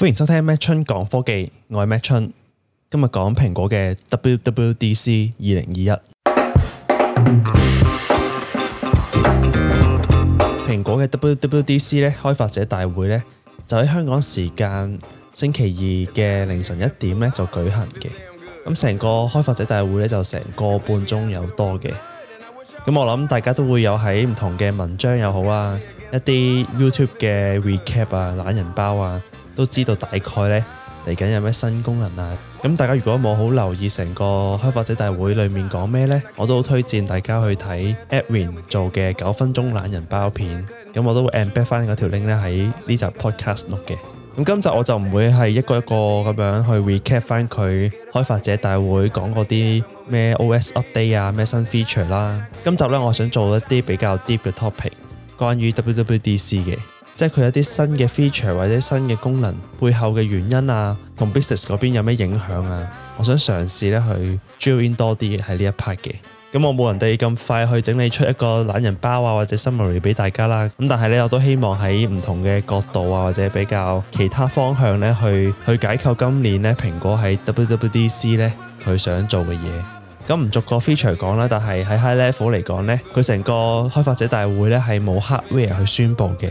歡迎收聽麥春講科技，我係麥春。今日講蘋果嘅 WWDC 二零二一。蘋 果嘅 WWDC 咧，開發者大會咧，就喺香港時間星期二嘅凌晨一點咧就舉行嘅。咁成個開發者大會咧就成個半鐘有多嘅。咁我諗大家都會有喺唔同嘅文章又好啊，一啲 YouTube 嘅 recap 啊，懶人包啊。都知道大概呢嚟緊有咩新功能啊！咁大家如果冇好留意成個開發者大會裏面講咩呢，我都好推薦大家去睇 Edwin 做嘅九分鐘懶人包片。咁我都會 embed 翻嗰條 link 喺呢集 podcast 錄嘅。咁今集我就唔會係一個一個咁樣去 recap 翻佢開發者大會講嗰啲咩 OS update 啊，咩新 feature 啦。今集呢，我想做一啲比較 deep 嘅 topic，關於 WWDC 嘅。即係佢有啲新嘅 feature 或者新嘅功能背後嘅原因啊，同 business 嗰邊有咩影響啊？我想嘗試咧去 drill in 多啲喺呢一 part 嘅。咁我冇人哋咁快去整理出一個懶人包啊，或者 summary 俾大家啦。咁但係咧，我都希望喺唔同嘅角度啊，或者比較其他方向咧，去去解構今年咧蘋果喺 WWDC 咧佢想做嘅嘢。咁唔逐個 feature 講啦，但係喺 high level 嚟講咧，佢成個開發者大會咧係冇 hardware 去宣佈嘅。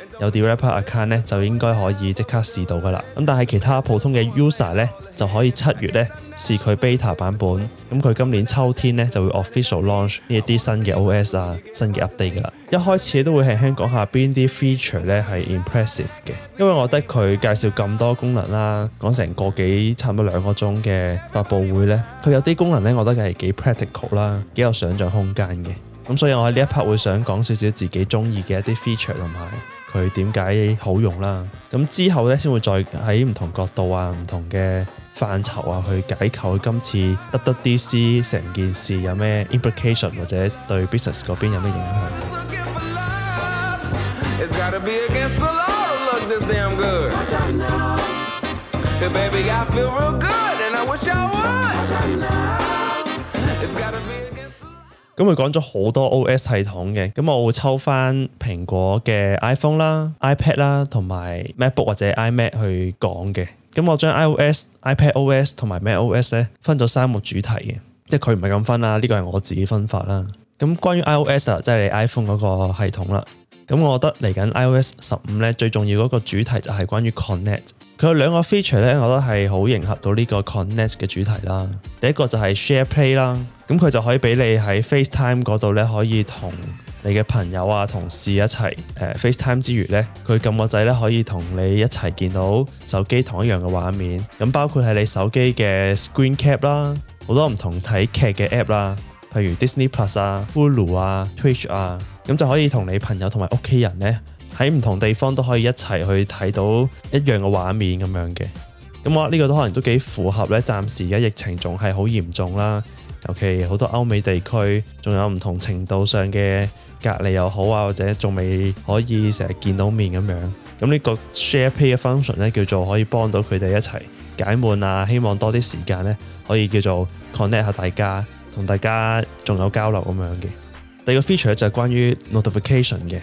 有 developer account 咧，就應該可以即刻試到噶啦。咁但係其他普通嘅 user 咧，就可以七月咧試佢 beta 版本。咁佢今年秋天咧就會 official launch 呢一啲新嘅 OS 啊，新嘅 update 噶啦。一開始都會輕輕講下邊啲 feature 咧係 impressive 嘅，因為我覺得佢介紹咁多功能啦，講成個幾差唔多兩個鐘嘅發佈會咧，佢有啲功能咧，我覺得係幾 practical 啦，幾有想象空間嘅。咁所以我喺呢一 part 會想講少少自己中意嘅一啲 feature 同埋佢點解好用啦。咁之後呢先會再喺唔同角度啊、唔同嘅範疇啊去解構今次 WWDC 成件事有咩 implication 或者對 business 嗰邊有咩影響。咁佢講咗好多 OS 系統嘅，咁我會抽翻蘋果嘅 iPhone 啦、iPad 啦同埋 MacBook 或者 iMac 去講嘅。咁我將 iOS、iPad OS 同埋 Mac OS 咧分咗三個主題嘅，即係佢唔係咁分啦，呢個係我自己分法啦。咁關於 iOS 啊，即係你 iPhone 嗰個系統啦。咁我覺得嚟緊 iOS 十五咧最重要嗰個主題就係關於 Connect。佢有兩個 feature 咧，我都係好迎合到呢個 connect 嘅主題啦。第一個就係 share play 啦，咁佢就可以俾你喺 FaceTime 度咧，可以同你嘅朋友啊、同事一齊誒、呃、FaceTime 之餘咧，佢撳個掣咧可以同你一齊見到手機同一樣嘅畫面。咁包括係你手機嘅 screen cap 啦，好多唔同睇劇嘅 app 啦，譬如 Disney Plus 啊、Hulu 啊、Twitch 啊，咁就可以同你朋友同埋屋企人咧。喺唔同地方都可以一齊去睇到一樣嘅畫面咁樣嘅，咁我呢個都可能都幾符合咧。暫時而家疫情仲係好嚴重啦，尤其好多歐美地區仲有唔同程度上嘅隔離又好啊，或者仲未可以成日見到面咁樣，咁呢個 share pay function 咧，叫做可以幫到佢哋一齊解悶啊。希望多啲時間咧，可以叫做 connect 下大家，同大家仲有交流咁樣嘅。第二個 feature 就係關於 notification 嘅。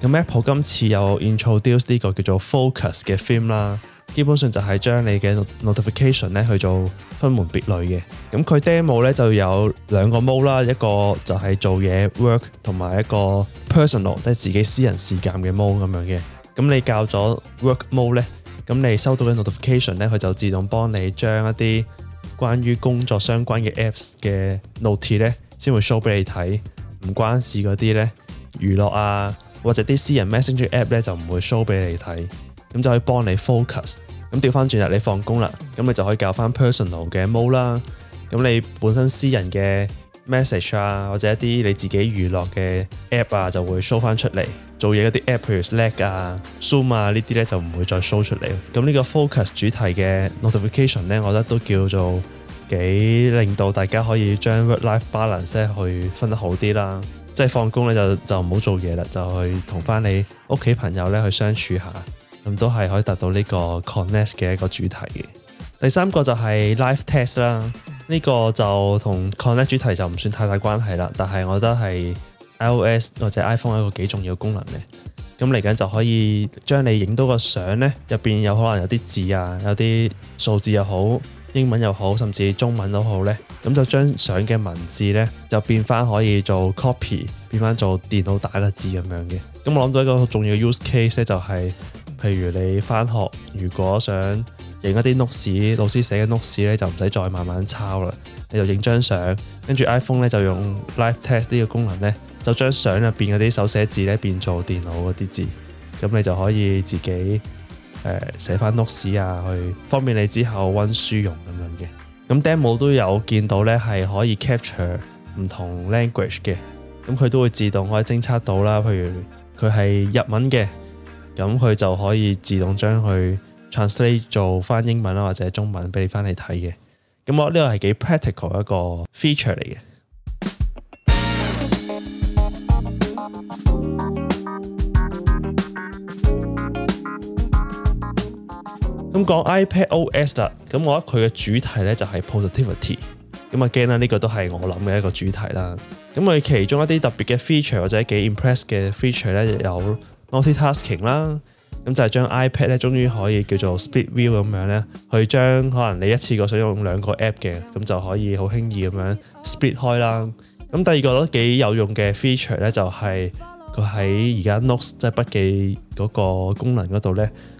咁 Apple 今次又 introduce 呢個叫做 Focus 嘅 theme 啦，基本上就係將你嘅 notification 咧去做分門別類嘅。咁佢 demo 咧就有兩個 mode 啦，一個就係做嘢 work 同埋一個 personal，即係自己私人時間嘅 mode 咁樣嘅。咁你教咗 work mode 咧，咁你收到嘅 notification 咧，佢就自動幫你將一啲關於工作相關嘅 apps 嘅 note 咧，先會 show 俾你睇，唔關事嗰啲咧，娛樂啊～或者啲私人 message app 咧就唔會 show 俾你睇，咁就可以幫你 focus。咁調翻轉啦，你放工啦，咁你就可以搞翻 personal 嘅 mode 啦。咁你本身私人嘅 message 啊，或者一啲你自己娛樂嘅 app 啊，就會 show 翻出嚟。做嘢嗰啲 app，譬如 Slack 啊、Zoom 啊呢啲咧就唔會再 show 出嚟。咁呢個 focus 主題嘅 notification 咧，我覺得都叫做幾令到大家可以將 work-life balance 去分得好啲啦。即係放工咧就就唔好做嘢啦，就去同返你屋企朋友咧去相處下，咁、嗯、都係可以達到呢個 connect 嘅一個主題嘅。第三個就係 Live Text 啦，呢、呢個就同 connect 主題就唔算太大關係啦，但係我覺得係 iOS 或者 iPhone 一個幾重要功能嘅。咁嚟緊就可以將你影到個相咧，入邊有可能有啲字啊，有啲數字又好，英文又好，甚至中文都好呢，咁就將相嘅文字呢，就變翻可以做 copy，變翻做電腦打嘅字咁樣嘅。咁我諗到一個好重要嘅 use case 呢、就係，就係譬如你翻學，如果想影一啲 notes，老師寫嘅 notes 呢，就唔使再慢慢抄啦，你就影張相，跟住 iPhone 呢，就用 Live Text 呢個功能呢，就將相入邊嗰啲手寫字呢，變做電腦嗰啲字，咁你就可以自己。誒、呃、寫翻 notes 啊，去方便你之後溫書用咁樣嘅。咁 demo 都有見到咧，係可以 capture 唔同 language 嘅。咁佢都會自動可以偵測到啦。譬如佢係日文嘅，咁佢就可以自動將佢 translate 做翻英文啦，或者中文俾你翻嚟睇嘅。咁我覺得呢、這個係幾 practical 一個 feature 嚟嘅。咁講 iPad OS 啦，咁我覺得佢嘅主題咧就係 positivity，咁 again 啦，呢個都係我諗嘅一個主題啦。咁佢其中一啲特別嘅 feature 或者幾 impress 嘅 feature 咧，有 multitasking 啦，咁就係將 iPad 咧，終於可以叫做 split view 咁樣咧，去將可能你一次過想用兩個 app 嘅，咁就可以好輕易咁樣 split 開啦。咁第二個都覺幾有用嘅 feature 咧、就係，在在 es，就係佢喺而家 notes 即係筆記嗰個功能嗰度咧。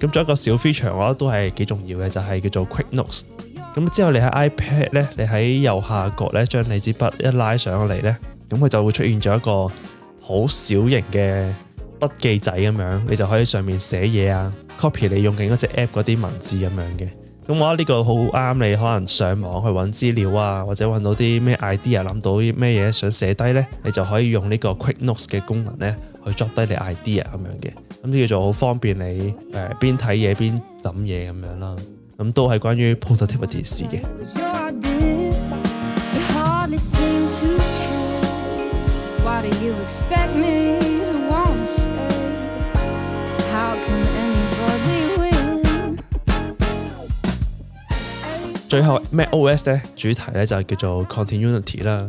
咁仲有一個小 feature，我覺得都係幾重要嘅，就係叫做 Quick Notes。咁之後你喺 iPad 咧，你喺右下角咧，將你支筆一拉上嚟咧，咁佢就會出現咗一個好小型嘅筆記仔咁樣，你就可以上面寫嘢啊，copy 你用緊嗰隻 app 嗰啲文字咁樣嘅。咁我覺得呢個好啱你，可能上網去揾資料啊，或者揾到啲咩 idea，諗到啲咩嘢想寫低呢，你就可以用呢個 Quick Notes 嘅功能呢，去 jot 低你 idea 咁樣嘅，咁呢叫做好方便你，誒邊睇嘢邊諗嘢咁樣啦。咁、嗯、都係關於 productivity 嘅。 最後 MacOS 咧主題咧就係叫做 Continuity 啦，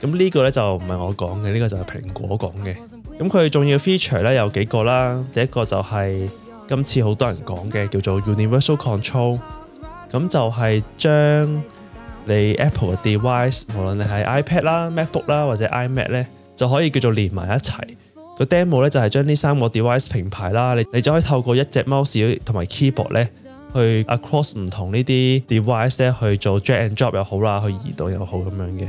咁呢個咧就唔係我講嘅，呢個就係、這個、蘋果講嘅。咁佢重要 feature 咧有幾個啦，第一個就係今次好多人講嘅叫做 Universal Control，咁就係將你 Apple 嘅 device 無論你係 iPad 啦、MacBook 啦或者 iMac 咧，就可以叫做連埋一齊。個 demo 咧就係將呢三個 device 平排啦，你你就可以透過一隻 mouse 同埋 keyboard 咧。去 across 唔同呢啲 device 咧去做 drag and drop 又好啦，去移動又好咁樣嘅。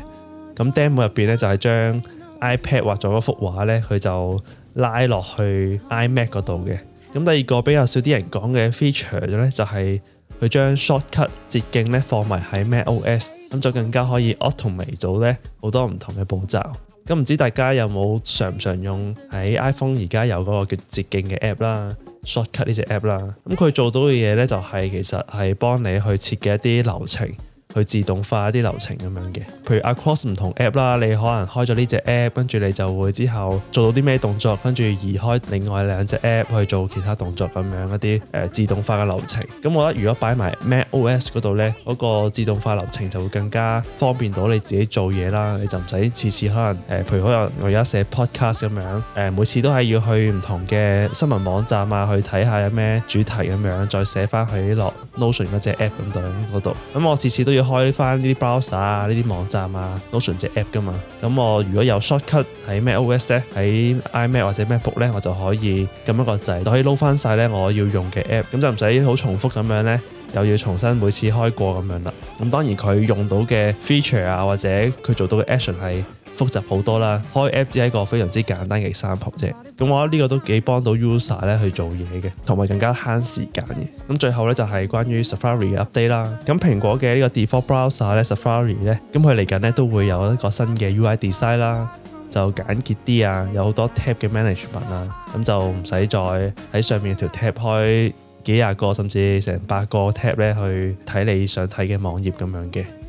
咁 demo 入邊咧就係、是、將 iPad 畫咗一幅畫咧，佢就拉落去 iMac 嗰度嘅。咁第二個比較少啲人講嘅 feature 咧，就係、是、佢將 shortcut 捷徑咧放埋喺 macOS，咁就更加可以 automate 到咧好多唔同嘅步驟。咁唔知大家有冇常唔常用喺 iPhone 而家有嗰個叫捷徑嘅 app 啦？Shortcut 呢隻 app 啦，咁佢做到嘅嘢咧就係其實係幫你去設計一啲流程。去自動化一啲流程咁樣嘅，譬如 Across 唔同 app 啦，你可能開咗呢隻 app，跟住你就會之後做到啲咩動作，跟住移開另外兩隻 app 去做其他動作咁樣一啲誒、呃、自動化嘅流程。咁我覺得如果擺埋 MacOS 嗰度呢，嗰、嗰個自動化流程就會更加方便到你自己做嘢啦，你就唔使次次可能誒、呃，譬如可能我而家寫 podcast 咁樣，誒、呃、每次都係要去唔同嘅新聞網站啊去睇下有咩主題咁樣，再寫翻去落 Notion 嗰隻 app 咁樣嗰度，咁我次次都要。開翻呢啲 browser 啊，呢啲網站啊，Notion 隻 app 噶嘛。咁我如果有 shortcut 喺 MacOS 咧，喺 iMac 或者 MacBook 咧，我就可以撳一個掣，就可以撈翻晒咧我要用嘅 app。咁就唔使好重複咁樣咧，又要重新每次開過咁樣啦。咁當然佢用到嘅 feature 啊，或者佢做到嘅 action 係複雜好多啦，開 app 只係一個非常之簡單嘅三步啫。咁我覺得呢個都幾幫到 user 咧去做嘢嘅，同埋更加慳時間嘅。咁最後咧就係關於 Safari 嘅 update 啦。咁蘋果嘅呢個 default browser 咧 Safari 咧，咁佢嚟緊咧都會有一個新嘅 UI design 啦，就簡潔啲啊，有好多 tab 嘅 management 啦。咁就唔使再喺上面條 tab 開幾廿個甚至成百個 tab 咧去睇你想睇嘅網頁咁樣嘅。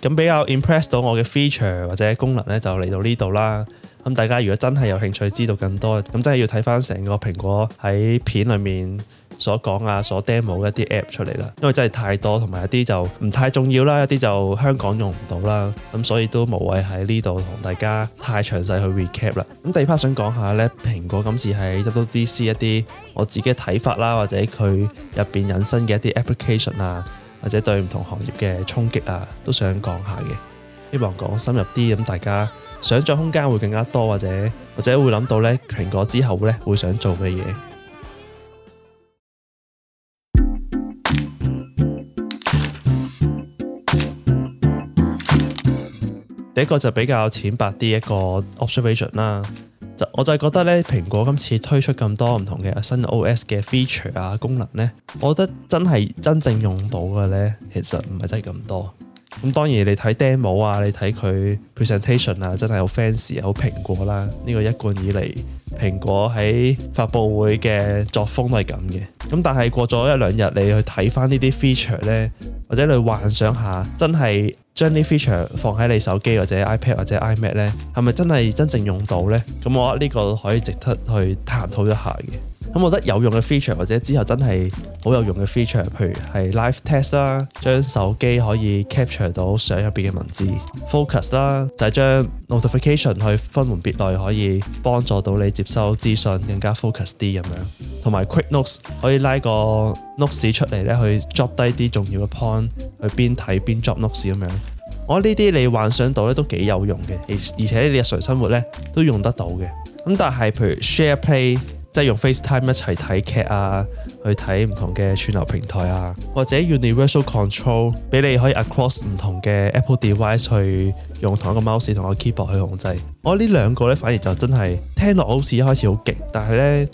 咁比較 impress 到我嘅 feature 或者功能咧，就嚟到呢度啦。咁大家如果真係有興趣知道更多，咁真係要睇返成個蘋果喺片裏面所講啊，所 demo 嘅一啲 app 出嚟啦。因為真係太多，同埋一啲就唔太重要啦，一啲就香港用唔到啦。咁所以都無謂喺呢度同大家太詳細去 recap 啦。咁第二 part 想講下咧，蘋果今次喺 WWDC 一啲我自己嘅睇法啦，或者佢入邊引申嘅一啲 application 啊。或者對唔同行業嘅衝擊啊，都想講下嘅，希望講深入啲，咁大家想像空間會更加多，或者或者會諗到呢蘋果之後呢會想做嘅嘢。 第一個就比較淺白啲一,一個 observation 啦。我就係覺得呢，蘋果今次推出咁多唔同嘅新 OS 嘅 feature 啊功能呢，我覺得真係真正用到嘅呢，其實唔係真係咁多。咁當然你睇 demo 啊，你睇佢 presentation 啊，真係好 fancy 好蘋果啦。呢個一貫以嚟蘋果喺發布會嘅作風都係咁嘅。咁但係過咗一兩日，你去睇翻呢啲 feature 呢，或者你幻想下，真係將啲 feature 放喺你手機或者 iPad 或者 iMac 咧，係咪真係真正用到呢？咁我覺得呢個可以值得去探討一下嘅。咁、嗯、我覺得有用嘅 feature，或者之後真係好有用嘅 feature，譬如係 live text 啦，將手機可以 capture 到相入邊嘅文字 focus 啦，就係將 notification 去分門別類，可以幫助到你接收資訊更加 focus 啲咁樣。同埋 quick notes 可以拉個 notes 出嚟咧，去 o 抓低啲重要嘅 point，去邊睇邊抓 notes 咁樣。我呢啲你幻想到咧都幾有用嘅，而而且你日常生活咧都用得到嘅。咁但係譬如 share play。即係用 FaceTime 一齊睇劇啊，去睇唔同嘅串流平台啊，或者 Universal Control 俾你可以 Across 唔同嘅 Apple Device 去用同一個 Mouse 同一個 Keyboard 去控制。我呢兩個呢，反而就真係聽落好似一開始好勁，但係呢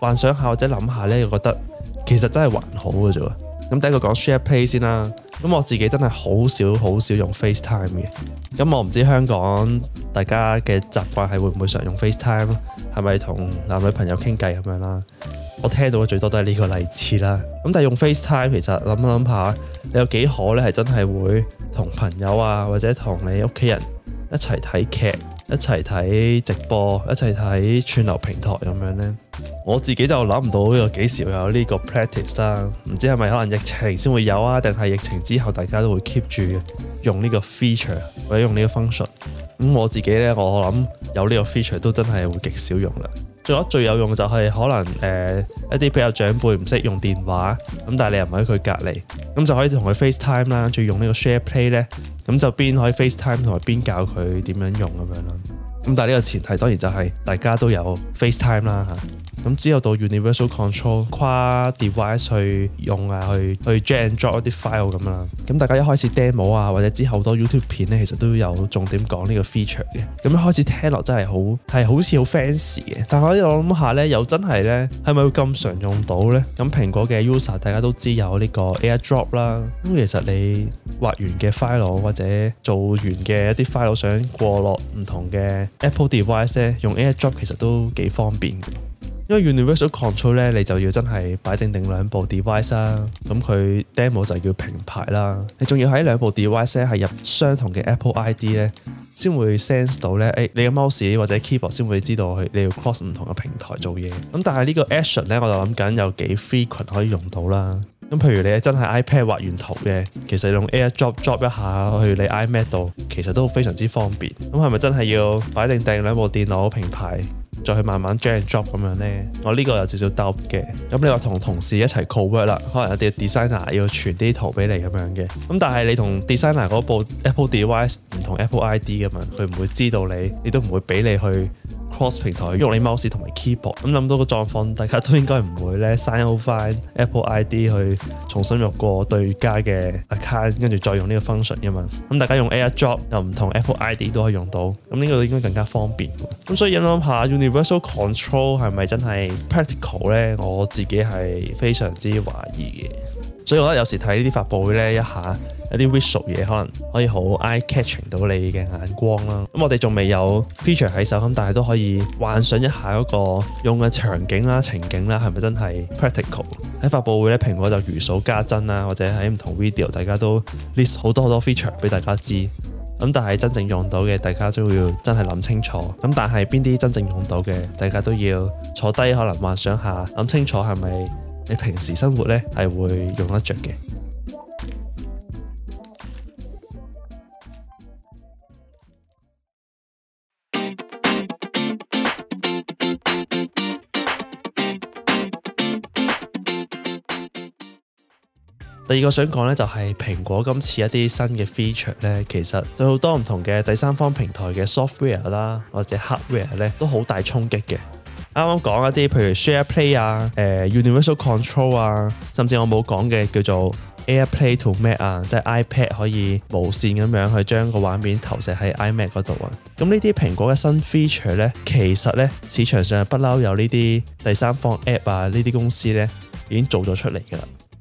幻想下或者諗下呢，又覺得其實真係還好嘅啫喎。咁第一個講 SharePlay 先啦。咁我自己真係好少好少用 FaceTime 嘅，咁我唔知香港大家嘅習慣係會唔會常用 FaceTime，係咪同男女朋友傾偈咁樣啦？我聽到嘅最多都係呢個例子啦。咁但係用 FaceTime 其實諗一諗下，你有幾可咧係真係會同朋友啊，或者同你屋企人一齊睇劇？一齊睇直播，一齊睇串流平台咁樣呢，我自己就諗唔到有幾時會有呢個 practice 啦。唔知係咪可能疫情先會有啊，定係疫情之後大家都會 keep 住用呢個 feature 或者用呢個 function？咁、嗯、我自己呢，我諗有呢個 feature 都真係會極少用啦。做最有用就係可能誒、呃、一啲比較長輩唔識用電話咁，但係你又唔喺佢隔離咁，就可以同佢 FaceTime 啦。再用呢個 SharePlay 咧，咁就邊可以 FaceTime 同埋邊教佢點樣用咁樣咯。咁但係呢個前提當然就係大家都有 FaceTime 啦、啊、嚇。咁之後到 Universal Control 跨 device 去用啊，去去 drag and drop 一啲 file 咁啦。咁大家一開始 demo 啊，或者之後好多 YouTube 片咧，其實都有重點講呢個 feature 嘅。咁一開始聽落真係好係好似好 fancy 嘅，但係我諗下咧，又真係咧係咪會咁常用到咧？咁蘋果嘅 user 大家都知有呢個 AirDrop 啦。咁其實你畫完嘅 file 或者做完嘅一啲 file 想過落唔同嘅 Apple device 咧，用 AirDrop 其實都幾方便。因為 universal control 咧，你就要真係擺定定兩部 device 啦、啊。咁佢 demo 就叫平排啦。你仲要喺兩部 device 咧係入相同嘅 Apple ID 咧，先會 sense 到咧。誒、哎，你嘅 mouse 或者 keyboard 先會知道去你要 cross 唔同嘅平台做嘢。咁但係呢個 action 咧，我就諗緊有幾 frequent 可以用到啦。咁譬如你真係 iPad 畫完圖嘅，其實用 AirDrop drop 一下去你 iMac 度，其實都非常之方便。咁係咪真係要擺定定兩部電腦平排？再去慢慢 drag and drop 咁樣咧，我呢個有少少 doubt 嘅，咁你話同同事一齊 co-work 啦，可能有啲 designer 要傳啲圖俾你咁樣嘅，咁但係你 device, 同 designer 嗰部 Apple device 唔同 Apple ID 咁嘛，佢唔會知道你，你都唔會俾你去 cross 平台用你 mouse 同埋 keyboard，咁諗到個狀況大家都應該唔會咧 sign off 翻 Apple ID 去重新入過對家嘅 account，跟住再用呢個 function 嘅嘛，咁大家用 AirDrop 又唔同 Apple ID 都可以用到，咁呢個應該更加方便，咁所以諗一下 Universal control 係咪真係 practical 呢？我自己係非常之懷疑嘅，所以我覺得有時睇呢啲發佈會呢，一下一啲 visual 嘢，可能可以好 eye catching 到你嘅眼光啦。咁我哋仲未有 feature 喺手，咁但係都可以幻想一下嗰個用嘅場景啦、情景啦，係咪真係 practical？喺發佈會呢，蘋果就如數家珍啦，或者喺唔同 video 大家都 list 好多好多 feature 俾大家知。但係真正用到嘅，大家都要真係諗清楚。咁但係邊啲真正用到嘅，大家都要坐低，可能幻想下，諗清楚係咪你平時生活呢係會用得着嘅。第二個想講咧，就係蘋果今次一啲新嘅 feature 咧，其實對好多唔同嘅第三方平台嘅 software 啦，或者 hardware 咧，都好大衝擊嘅。啱啱講一啲，譬如 Share Play 啊、呃，誒 Universal Control 啊，甚至我冇講嘅叫做 Air Play to Mac 啊，即係 iPad 可以無線咁樣去將個畫面投射喺 iMac 度啊。咁呢啲蘋果嘅新 feature 咧，其實咧，市場上不嬲有呢啲第三方 app 啊，呢啲公司咧已經做咗出嚟㗎啦。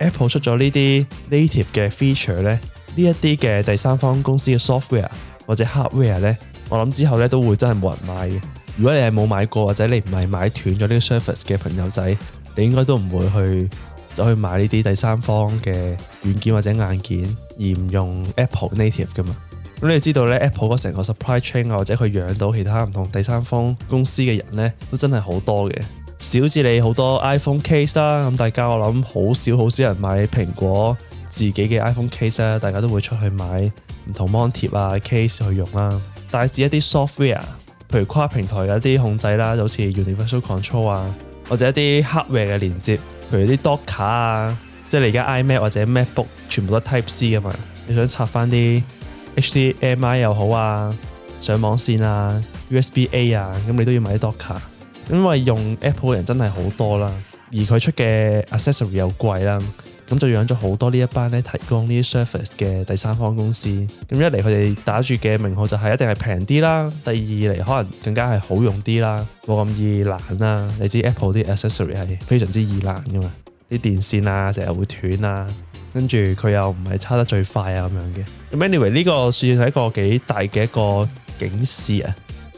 Apple 出咗呢啲 native 嘅 feature 呢，呢一啲嘅第三方公司嘅 software 或者 hardware 呢，我諗之後呢都會真係冇人買嘅。如果你係冇買過或者你唔係買斷咗呢個 service 嘅朋友仔，你應該都唔會去走去買呢啲第三方嘅軟件或者硬件而唔用 Apple native 噶嘛。咁你要知道呢，Apple 嗰成個 supply chain 啊，或者佢養到其他唔同第三方公司嘅人呢，都真係好多嘅。少至你好多 iPhone case 啦，咁大家我諗好少好少人買蘋果自己嘅 iPhone case 啊，大家都會出去買唔同 mon 貼啊 case 去用啦、啊。大至一啲 software，譬如跨平台嘅一啲控制啦，就好似 Universal Control 啊，或者一啲 hardware 嘅連接，譬如啲 Dock 卡、er、啊，即係你而家 iMac 或者 MacBook 全部都係 Type C 嘅嘛，你想插翻啲 HDMI 又好啊，上網線啊 USB A 啊，咁你都要買啲 Dock 卡、er。因為用 Apple 嘅人真係好多啦，而佢出嘅 accessory 又貴啦，咁就養咗好多呢一班咧提供呢啲 service 嘅第三方公司。咁一嚟佢哋打住嘅名號就係一定係平啲啦，第二嚟可能更加係好用啲啦，冇咁易爛啦、啊。你知 Apple 啲 accessory 係非常之易爛噶嘛，啲電線啊成日會斷啊，跟住佢又唔係差得最快啊咁樣嘅。Anyway 呢個算係一個幾大嘅一個警示啊！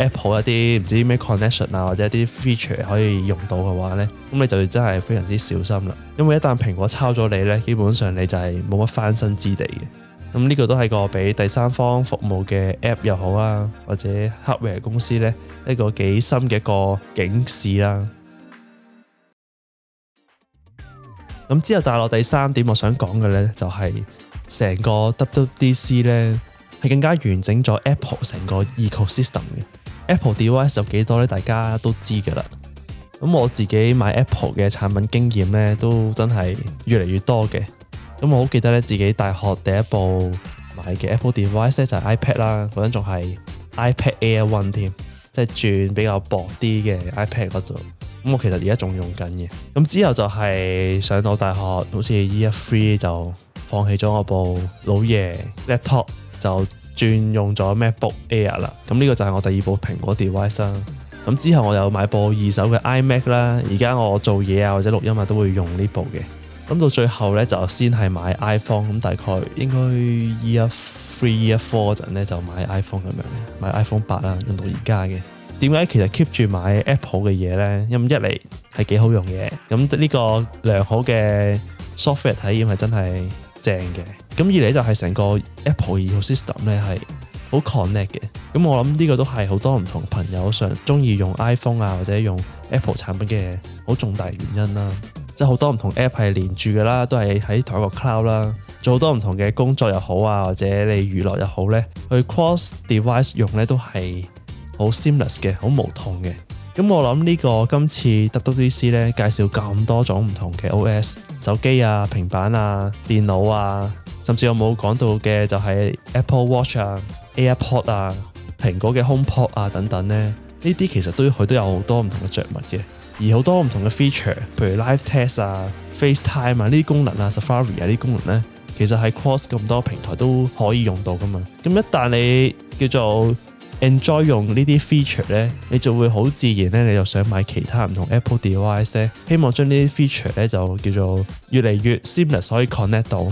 Apple 一啲唔知咩 connection 啊，或者一啲 feature 可以用到嘅話咧，咁你就真係非常之小心啦。因為一旦蘋果抄咗你咧，基本上你就係冇乜翻身之地嘅。咁呢個都係個俾第三方服務嘅 app 又好啊，或者 hardware 公司咧，一個幾深嘅一個警示啦。咁之後大落第三點，我想講嘅咧就係、是、成個 WDC 咧係更加完整咗 Apple 成個 ecosystem 嘅。Apple device 有幾多咧？大家都知噶啦。咁我自己買 Apple 嘅產品經驗咧，都真係越嚟越多嘅。咁我好記得咧，自己大學第一部買嘅 Apple device 就係 iPad 啦，嗰陣仲係 iPad Air One 添，即係轉比較薄啲嘅 iPad 嗰度。咁我其實而家仲用緊嘅。咁之後就係上到大學，好似 Year Three 就放棄咗我部老爺 laptop 就。轉用咗 MacBook Air 啦，咁呢個就係我第二部蘋果 device 啦。咁之後我又買部二手嘅 iMac 啦，而家我做嘢啊或者錄音啊都會用呢部嘅。咁到最後呢，就先係買 iPhone，咁大概應該二一 three 一 four 嗰陣呢就買 iPhone 咁樣，買 iPhone 八啦，用到而家嘅。點解其實 keep 住買 Apple 嘅嘢呢？因為一嚟係幾好用嘅，咁呢個良好嘅 software 體驗係真係正嘅。咁二嚟就係成個 Apple ecosystem 咧，係好 connect 嘅。咁我諗呢個都係好多唔同朋友上中意用 iPhone 啊，或者用 Apple 產品嘅好重大原因啦。即係好多唔同 app 係連住嘅啦，都係喺同一個 cloud 啦。做好多唔同嘅工作又好啊，或者你娛樂又好咧，去 cross device 用咧都係好 seamless 嘅，好無痛嘅。咁我諗呢個今次 WWDC 咧介紹咁多種唔同嘅 OS 手機啊、平板啊、電腦啊。甚至有冇講到嘅就係 Apple Watch 啊、AirPod 啊、蘋果嘅 HomePod 啊等等呢。呢啲其實對佢都有好多唔同嘅着物嘅，而好多唔同嘅 feature，譬如 Live Test 啊、FaceTime 啊呢啲功能啊、Safari 啊呢啲功能呢，其實係 cross 咁多平台都可以用到噶嘛。咁一旦你叫做 enjoy 用呢啲 feature 呢，你就會好自然呢，你就想買其他唔同 Apple device 呢。希望將呢啲 feature 呢，就叫做越嚟越 seamless 可以 connect 到。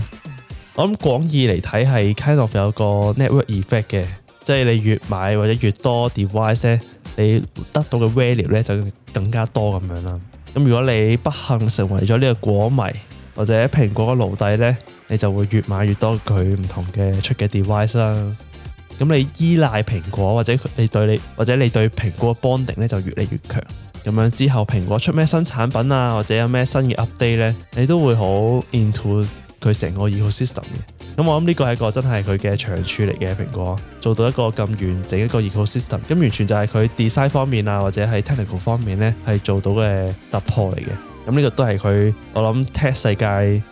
我諗廣義嚟睇係 kind of 有個 network effect 嘅，即係你越買或者越多 device 咧，你得到嘅 value 咧就更加多咁樣啦。咁如果你不幸成為咗呢個果迷或者蘋果嘅奴隸咧，你就會越買越多佢唔同嘅出嘅 device 啦。咁你依賴蘋果或者你對你或者你對蘋果嘅 bonding 咧就越嚟越強。咁樣之後蘋果出咩新產品啊或者有咩新嘅 update 咧，你都會好 into。佢成個 ecosystem 嘅，咁我諗呢個係一個真係佢嘅長處嚟嘅。蘋果做到一個咁完整一個 ecosystem，咁、嗯、完全就係佢 design 方面啊，或者係 technical 方面咧係做到嘅突破嚟嘅。咁呢個都係佢我諗 tech 世界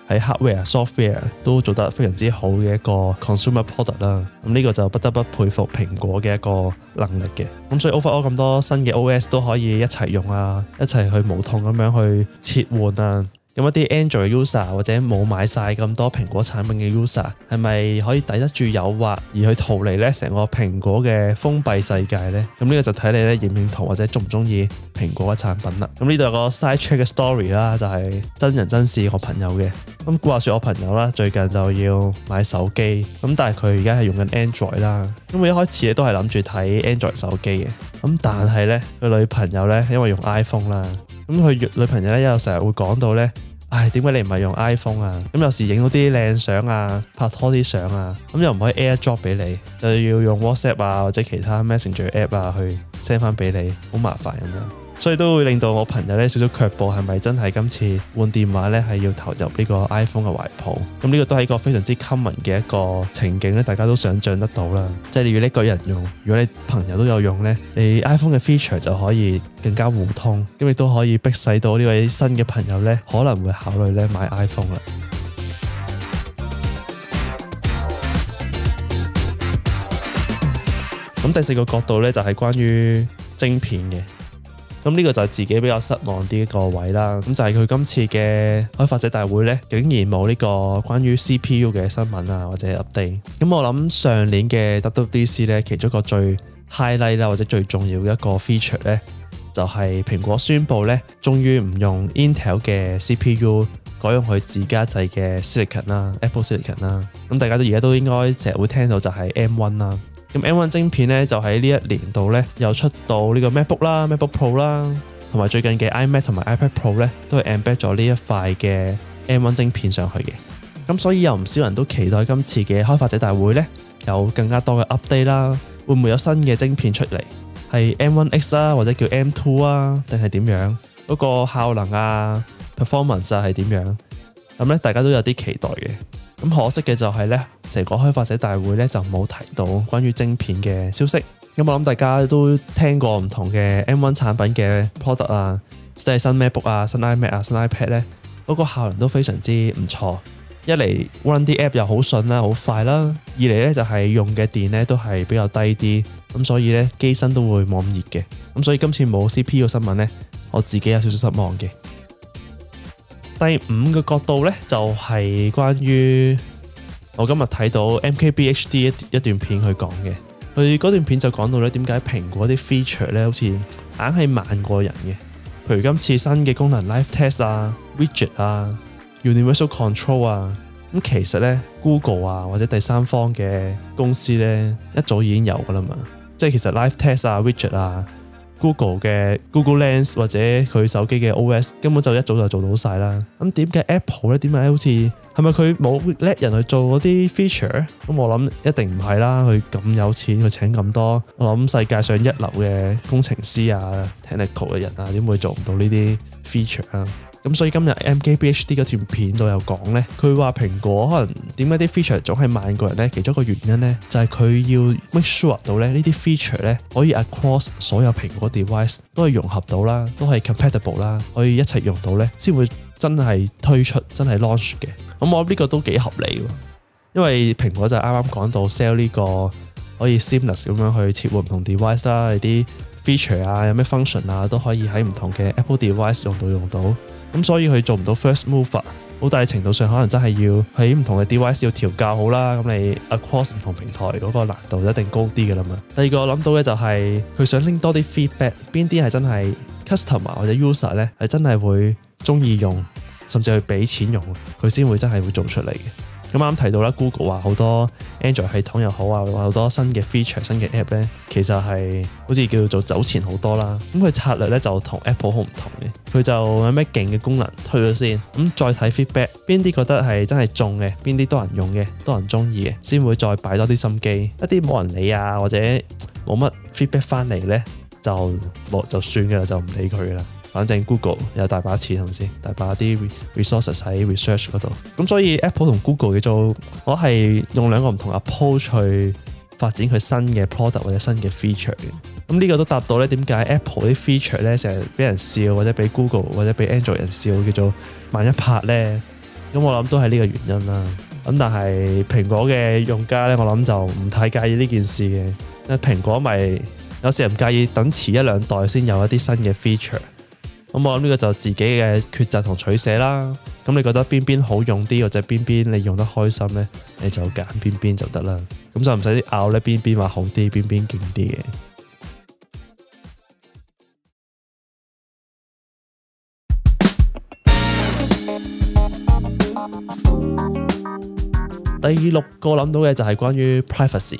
喺 hardware、software 都做得非常之好嘅一個 consumer product 啦。咁呢個就不得不佩服蘋果嘅一個能力嘅。咁所以 overall 咁多新嘅 OS 都可以一齊用啊，一齊去無痛咁樣去切換啊。咁一啲 Android user 或者冇買晒咁多蘋果產品嘅 user 係咪可以抵得住誘惑而去逃離呢成個蘋果嘅封閉世界呢？咁呢個就睇你咧認唔認同或者中唔中意蘋果嘅產品啦。咁呢度有個 side track 嘅 story 啦，就係真人真事我朋友嘅。咁話說我朋友啦，最近就要買手機，咁但係佢而家係用緊 Android 啦。咁佢一開始都係諗住睇 Android 手機嘅，咁但係呢，佢女朋友呢，因為用 iPhone 啦，咁佢女朋友咧又成日會講到呢。唉，點解你唔係用 iPhone 啊？咁、嗯、有時影到啲靚相啊，拍拖啲相啊，咁、嗯、又唔可以 AirDrop 俾你，又要用 WhatsApp 啊或者其他 Messenger app 啊去 send 翻畀你，好麻煩咁樣。所以都會令到我朋友呢少少卻步，係咪真係今次換電話呢係要投入呢個 iPhone 嘅懷抱？咁呢個都係一個非常之 common 嘅一個情景呢，大家都想像得到啦。即係你要呢個人用，如果你朋友都有用呢，你 iPhone 嘅 feature 就可以更加互通，咁亦都可以逼使到呢位新嘅朋友呢，可能會考慮呢買 iPhone 啦。咁第四個角度呢，就係、是、關於晶片嘅。咁呢個就係自己比較失望啲一個位啦。咁就係佢今次嘅開發者大會呢，竟然冇呢個關於 CPU 嘅新聞啊或者 update。咁我諗上年嘅 WWDC 呢，其中一個最 highlight 啦、啊、或者最重要嘅一個 feature 呢，就係、是、蘋果宣布呢，終於唔用 Intel 嘅 CPU 改用佢自家製嘅 Silicon 啦、啊，Apple Silicon 啦、啊。咁大家都而家都應該成日會聽到就係 M1 啦、啊。M1 晶片咧就喺呢一年度咧又出到呢個 MacBook 啦、MacBook Pro 啦，同埋最近嘅 iMac 同埋 iPad Pro 咧都係 Embed 咗呢一塊嘅 M1 晶片上去嘅。咁所以有唔少人都期待今次嘅開發者大會咧有更加多嘅 update 啦，會唔會有新嘅晶片出嚟？係 M1X 啊，或者叫 M2 啊，定係點樣？嗰個效能啊、performance 啊，係點樣？咁咧大家都有啲期待嘅。咁可惜嘅就係呢，成個開發者大會呢就冇提到關於晶片嘅消息。咁我諗大家都聽過唔同嘅 M1 產品嘅 product 啊，即係新 MacBook 啊、新 iMac 啊、新 iPad 咧，嗰個效能都非常之唔錯。一嚟 One D app 又好順啦，好快啦；二嚟呢，就係用嘅電呢都係比較低啲，咁所以呢，機身都會冇咁熱嘅。咁所以今次冇 CPU 嘅新聞呢，我自己有少少失望嘅。第五個角度呢，就係關於我今日睇到 MKBHD 一一段片去講嘅，佢段片就講到呢，點解蘋果啲 feature 呢好似硬係慢過人嘅，譬如今次新嘅功能 Live Text 啊、Widget 啊、Universal Control 啊，咁其實呢 Google 啊或者第三方嘅公司呢，一早已經有㗎喇嘛，即係其實 Live Text 啊、Widget 啊。Google 嘅 Google Lens 或者佢手機嘅 OS 根本就一早就做到晒啦。咁點解 Apple 咧？點解好似係咪佢冇叻人去做嗰啲 feature？咁我諗一定唔係啦。佢咁有錢，佢請咁多，我諗世界上一流嘅工程師啊，technical 嘅人啊，點會做唔到呢啲 feature 啊？咁所以今日 MKBHD 嗰段片度有講咧，佢話蘋果可能點解啲 feature 總係慢過人咧？其中一個原因咧，就係佢要 make sure 到咧呢啲 feature 咧可以 across 所有蘋果 device 都係融合到啦，都係 compatible 啦，可以一齊用到咧，先會真係推出真係 launch 嘅。咁我諗呢個都幾合理，因為蘋果就啱啱講到 sell 呢個可以 seamless 咁樣去切換唔同 device 啦，啲 feature 啊，有咩 function 啊都可以喺唔同嘅 Apple device 用到用到。咁所以佢做唔到 first mover，好大程度上可能真係要喺唔同嘅 device 要調教好啦。咁你 across 唔同平台嗰個難度就一定高啲噶啦嘛。第二個我諗到嘅就係佢想拎多啲 feedback，邊啲係真係 customer 或者 user 咧，係真係會中意用，甚至去俾錢用，佢先會真係會做出嚟嘅。咁啱提到啦，Google 話好多 Android 系統又好啊，話好多新嘅 feature、新嘅 app 咧，其實係好似叫做走前好多啦。咁佢策略咧就同 Apple 好唔同嘅，佢就有咩勁嘅功能推咗先，咁再睇 feedback，邊啲覺得係真係中嘅，邊啲多人用嘅、多人中意嘅，先會再擺多啲心機。一啲冇人理啊，或者冇乜 feedback 翻嚟咧，就冇就算噶啦，就唔理佢啦。反正 Google 有大把錢，係咪先？大把啲 resources 喺 research 嗰度咁，所以 Apple 同 Google 叫做我係用兩個唔同 approach 去發展佢新嘅 product 或者新嘅 feature 嘅。咁呢個都達到咧。點解 Apple 啲 feature 咧成日俾人笑，或者俾 Google 或者俾 Android 人笑叫做慢一拍咧？咁我諗都係呢個原因啦。咁但係蘋果嘅用家咧，我諗就唔太介意呢件事嘅。因為蘋果咪有時唔介意等遲一兩代先有一啲新嘅 feature。咁我諗呢個就自己嘅抉擇同取捨啦。咁你覺得邊邊好用啲，或者邊邊你用得開心咧，你就揀邊邊就得啦。咁就唔使拗咧，邊邊話好啲，邊邊勁啲嘅。 第六個諗到嘅就係關於 privacy。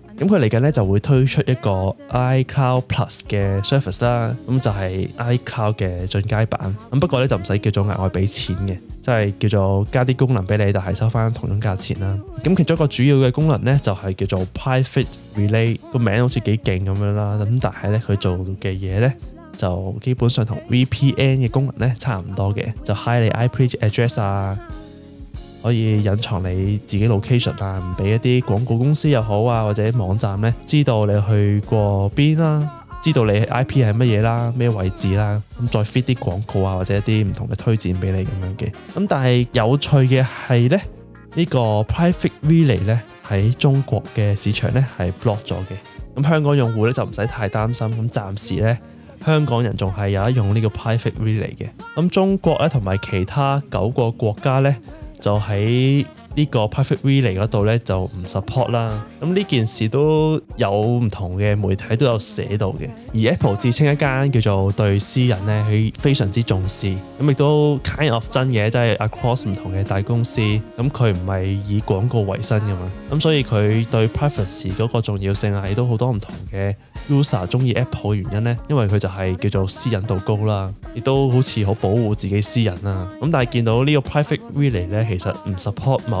咁佢嚟緊咧就會推出一個 iCloud Plus 嘅 service 啦，咁就係 iCloud 嘅進階版。咁不過咧就唔使叫做額外俾錢嘅，即係叫做加啲功能俾你，但係收翻同樣價錢啦。咁其中一個主要嘅功能咧就係叫做 Private Relay，個名好似幾勁咁樣啦。咁但係咧佢做嘅嘢咧就基本上同 VPN 嘅功能咧差唔多嘅，就 highly IP address 啊。可以隱藏你自己 location 啊，唔俾一啲廣告公司又好啊，或者網站咧知道你去過邊啦，知道你 IP 係乜嘢啦，咩位置啦，咁再 fit 啲廣告啊，或者一啲唔同嘅推薦俾你咁樣嘅。咁但係有趣嘅係咧，呢個 Private Relay 咧喺中國嘅市場咧係 block 咗嘅。咁香港用戶咧就唔使太擔心。咁暫時咧，香港人仲係有得用呢個 Private Relay 嘅。咁中國咧同埋其他九個國家咧。就喺。呢個 Private Relay 嗰度咧就唔 support 啦。咁呢件事都有唔同嘅媒體都有寫到嘅。而 Apple 自稱一間叫做對私人咧，佢非常之重視。咁亦都 kind of 真嘅，即係 across 唔同嘅大公司，咁佢唔係以廣告為生嘅嘛。咁所以佢對 privacy 嗰個重要性啊，亦都好多唔同嘅 user 中意 Apple 嘅原因咧，因為佢就係叫做私隱度高啦，亦都好似好保護自己私人啦、啊。咁但係見到呢個 Private Relay 咧，其實唔 support 某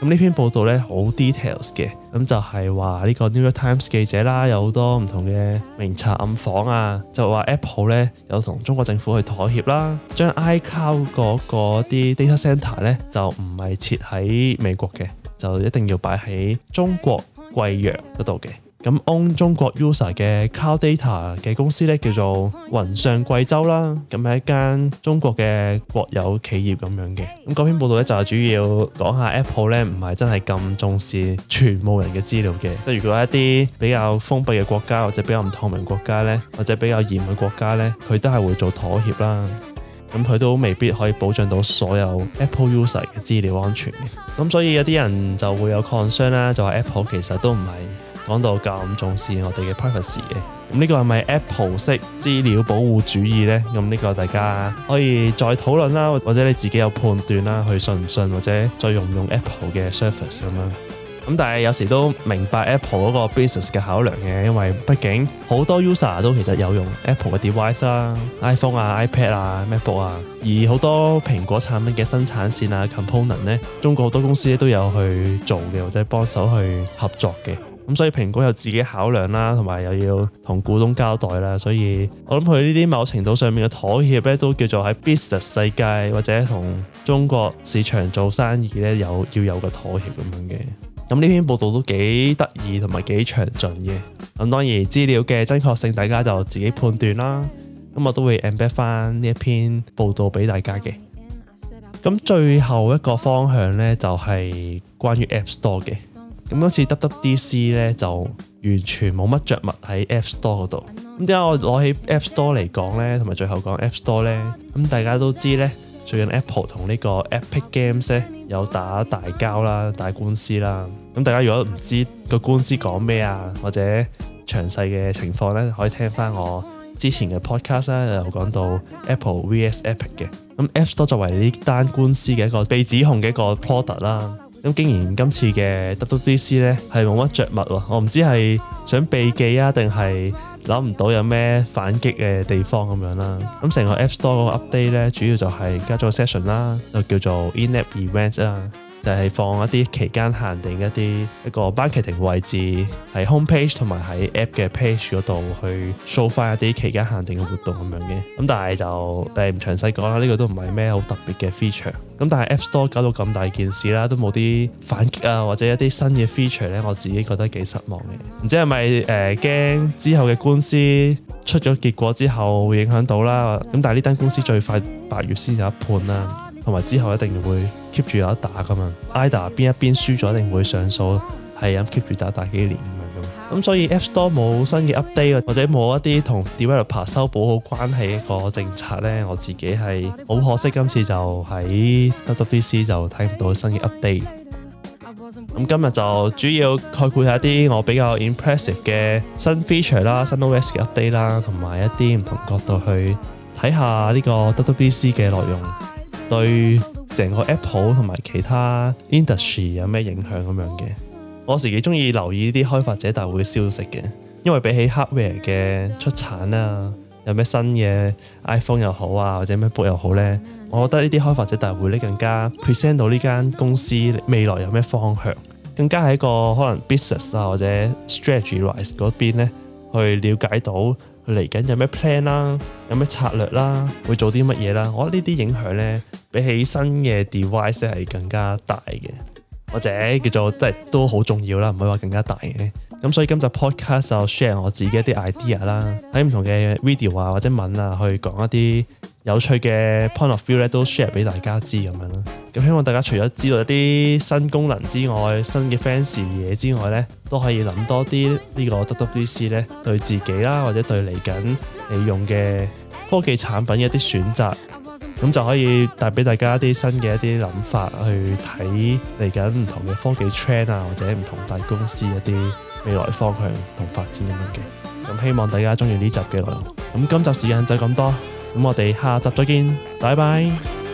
咁呢篇報道呢，好 details 嘅，咁就係話呢個 New York Times 記者啦，有好多唔同嘅明察暗訪啊，就話 Apple 呢，有同中國政府去妥協啦，將 iCloud 嗰啲 data center 呢，就唔係設喺美國嘅，就一定要擺喺中國貴陽嗰度嘅。咁 on、嗯、中國 user 嘅 cloud data 嘅公司咧，叫做雲上貴州啦。咁係一間中國嘅國有企業咁樣嘅。咁、那、嗰、個、篇報道咧，就係、是、主要講下 Apple 咧，唔係真係咁重視全部人嘅資料嘅。即係如果一啲比較封閉嘅國家，或者比較唔透明國家咧，或者比較嚴嘅國家咧，佢都係會做妥協啦。咁佢都未必可以保障到所有 Apple user 嘅資料安全嘅。咁所以有啲人就會有 concern 啦，就話 Apple 其實都唔係。講到咁重視我哋嘅 privacy 嘅，咁呢個係咪 Apple 式資料保護主義呢？咁呢個大家可以再討論啦，或者你自己有判斷啦，去信唔信或者再用唔用 Apple 嘅 service 咁樣。咁但係有時都明白 Apple 嗰個 business 嘅考量嘅，因為畢竟好多 user 都其實有用 Apple 嘅 device 啦，iPhone 啊、iPad 啊、MacBook 啊，而好多蘋果產品嘅生產線啊、component 呢，中國好多公司都有去做嘅，或者幫手去合作嘅。咁所以蘋果又自己考量啦，同埋又要同股東交代啦，所以我諗佢呢啲某程度上面嘅妥協咧，都叫做喺 business 世界或者同中國市場做生意咧，有要有個妥協咁樣嘅。咁呢篇報道都幾得意同埋幾詳盡嘅。咁當然資料嘅真確性大家就自己判斷啦。咁我都會 embed 翻呢一篇報道俾大家嘅。咁最後一個方向咧就係、是、關於 App Store 嘅。咁嗰次 WWDC 咧就完全冇乜着物喺 App Store 嗰度。咁點解我攞起 App Store 嚟講咧，同埋最後講 App Store 咧？咁大家都知咧，最近 Apple 同、e、呢個 Epic Games 咧有打大交啦，打官司啦。咁大家如果唔知個官司講咩啊，或者詳細嘅情況咧、啊，可以聽翻我之前嘅 podcast 啦、啊，有講到 Apple V.S. Epic 嘅。咁 App Store 作為呢單官司嘅一個被指控嘅一個 product 啦、啊。咁竟然今次嘅 WWDC 咧係冇乜著墨喎，啊，我唔知係想避忌啊，定係諗唔到有咩反擊嘅地方咁樣啦。咁成個 App Store 嗰個 update 咧，主要就係加咗個 session 啦，啊，又叫做 In-App Events 啦。就係放一啲期間限定一啲一個班期停位置，喺 homepage 同埋喺 app 嘅 page 嗰度去 show 翻一啲期間限定嘅活動咁樣嘅。咁但係就誒唔詳細講啦，呢個都唔係咩好特別嘅 feature。咁但係 App Store 搞到咁大件事啦，都冇啲反擊啊，或者一啲新嘅 feature 咧，我自己覺得幾失望嘅。唔知係咪誒驚之後嘅官司出咗結果之後會影響到啦？咁但係呢單官司最快八月先有一判啦。同埋之後一定會 keep 住有一打噶嘛。IDA 邊一邊輸咗，一定會上訴，係咁 keep 住打打幾年咁樣咁。咁所以 App Store 冇新嘅 update，或者冇一啲同 developer 修補好關係嘅一個政策呢。我自己係好可惜。今次就喺 WWDC 就睇唔到新嘅 update。咁今日就主要概括下一啲我比較 impressive 嘅新 feature 啦、新 OS 嘅 update 啦，同埋一啲唔同角度去睇下呢個 WWDC 嘅內容。對成個 Apple 同埋其他 industry 有咩影響咁樣嘅？我自己中意留意啲開發者大會消息嘅，因為比起 hardware 嘅出產啊，有咩新嘅 iPhone 又好啊，或者 MacBook 又好咧，我覺得呢啲開發者大會咧更加 present 到呢間公司未來有咩方向，更加喺一個可能 business 啊或者 strategy wise 嗰邊咧去了解到。嚟緊有咩 plan 啦，有咩策略啦，會做啲乜嘢啦？我覺得呢啲影響咧，比起新嘅 device 係更加大嘅，或者叫做即係都好重要啦，唔可以話更加大嘅。咁所以今集 podcast 就、啊、share 我，我自己一啲 idea 啦，喺唔同嘅 video 啊或者文啊去講一啲。有趣嘅 point of view 咧，都 share 俾大家知咁樣啦。咁希望大家除咗知道一啲新功能之外、新嘅 fancy 嘢之外咧，都可以諗多啲呢個 WWDC 咧對自己啦，或者對嚟緊嚟用嘅科技產品一啲選擇，咁就可以帶俾大家一啲新嘅一啲諗法去睇嚟緊唔同嘅科技 trend 啊，或者唔同大公司一啲未來方向同發展咁樣嘅。咁希望大家中意呢集嘅內容。咁今集時間就咁多。咁我哋下集再見，拜拜。